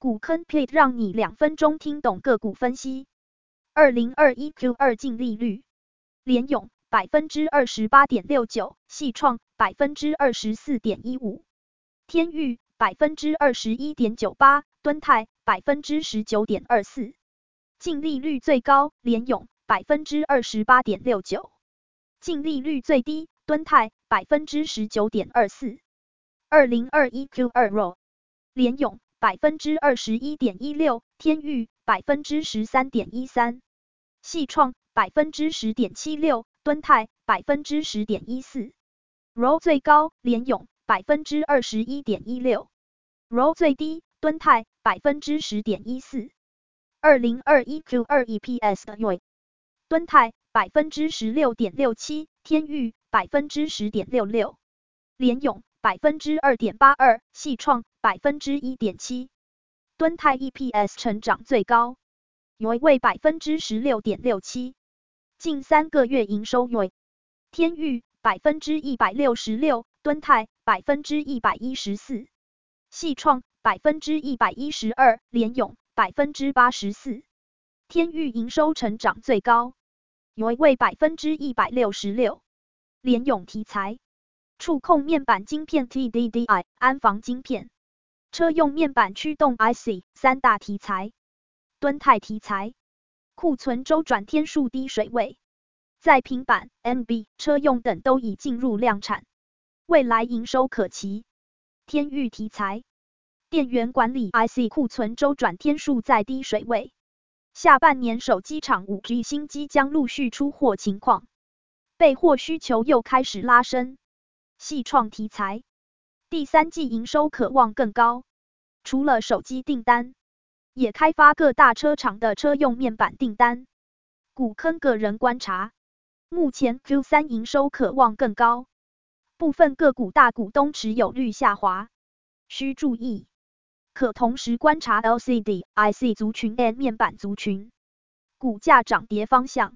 股坑 plate 讓你兩分鐘聽懂個股分析。二零二一 Q 二淨利率，聯詠百分之二十八點六九，矽創百分之二十四點一五，天鈺百分之二十一點九八，敦泰百分之十九點二四，淨利率最高聯詠百分之二十八點六九，淨利率最低敦泰百分之十九點二四。二零二一 Q 二 ROE 聯詠。百分之二十一點一六，天鈺百分之十三點一三，矽創百分之十點七六，敦泰百分之十點一四 ROE 最高，聯詠百分之二十一點一六 ROE 最低，敦泰百分之十點一四，二零二一 Q 二 EPS 的 r 敦泰百分之十六點六七，天鈺百分之十點六六，聯詠。百分之二點八二，矽創百分之一點七，敦泰 EPS 成長最高，為百分之十六點六七，近三個月營收為天鈺百分之一百六十六，敦泰百分之一百一十四，矽創百分之一百一十二，聯詠百分之八十四，天鈺營收成長最高，為百分之一百六十六，聯詠題材。觸控面板晶片 TDDI 安防晶片、車用面板驅動 IC 三大題材，敦泰題材庫存周轉天數低水位，在平板、NB 車用等都已進入量產，未來營收可期。天鈺題材電源管理 IC 庫存周轉天數在低水位，下半年手機廠 5G 新機將陸續出貨情況，備貨需求又開始拉升。矽創題材，第三季營收可望更高，除了手機訂單，也開發各大車廠的車用面板訂單。股坑個人觀察，目前 Q3 營收可望更高，部分個股大股東持有率下滑，需注意，可同時觀察 LCD、IC 族群 and 面板族群股價漲跌方向。